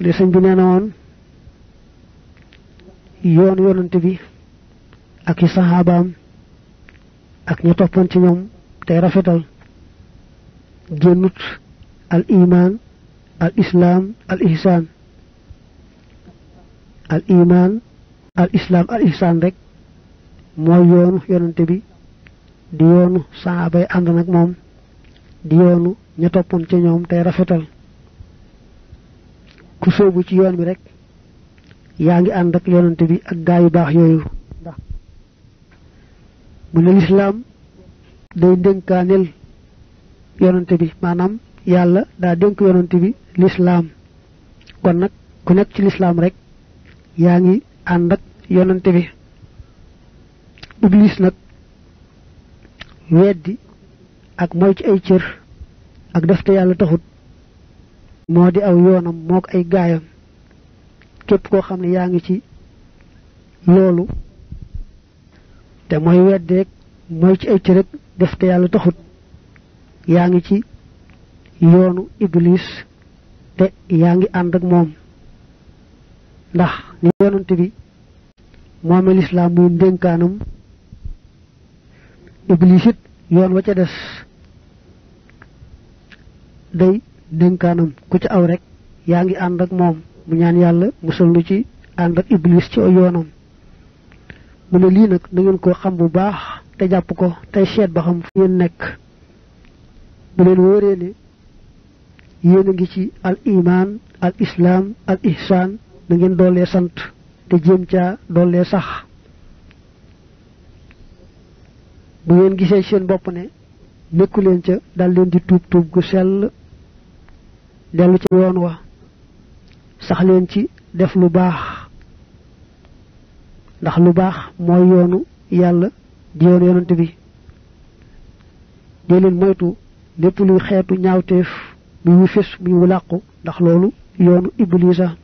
li sëñ bi na woon yoon yonante bi ak i ak ñi toppoon ci ñoom tey rafetal génnut al iman al islam al ihsan al iman al islam al ihsan rek mooy yoonu yonante bi di yoonu saxaabay ànd nag moom di yoonu ña toppoon ci ñoom tey rafetal ku sóobu ci yoon bi rek yaa ngi ànd ak yonante bi ak gaa yu baax yooyu ndax mu ne bi maanaam yàlla daa dénk yonante bi lislaam kon nag ku nekk ci lislaam rek yaa ngi ànd ak yonante bi iblis nag weddi ak mooy ci ay cër ak def te yàlla taxut modi di aw yoonam mok ay gaayam kep ko xam yaangi ci lolu te moy wedde moy ci ay cërëg def te yalla taxut yaangi ci yoonu iblis te yaangi and ak mom ndax ni yonante bi mom lislaam muy ndénkaanam iblis it yoon wa ca dess day denkanam ku ci aw rek yaa ngi ànd ak moom mu ñaan yàlla musal lu ci ànd ak iblis ci yoonam mu ne lii nag na ngeen ko xam bu baax te jàpp ko tey seet ba xam fu ngeen nekk bu leen wóoree ne yéen a ngi ci al iman al islam al ihsan na ngeen doolee sant te jéem caa doolee sax bu ngeen gisee seen bopp ne nekku leen ca dal leen di tuub tuub gu sell dellu ci yoon wa sax leen ci def lu baax ndax lu baax mooy yoonu yàlla di yoon yonante bi dee leen moytu lépp luy xeetu ñaawteef muy wu fés muy wu làqu ndax loolu yoonu iblisa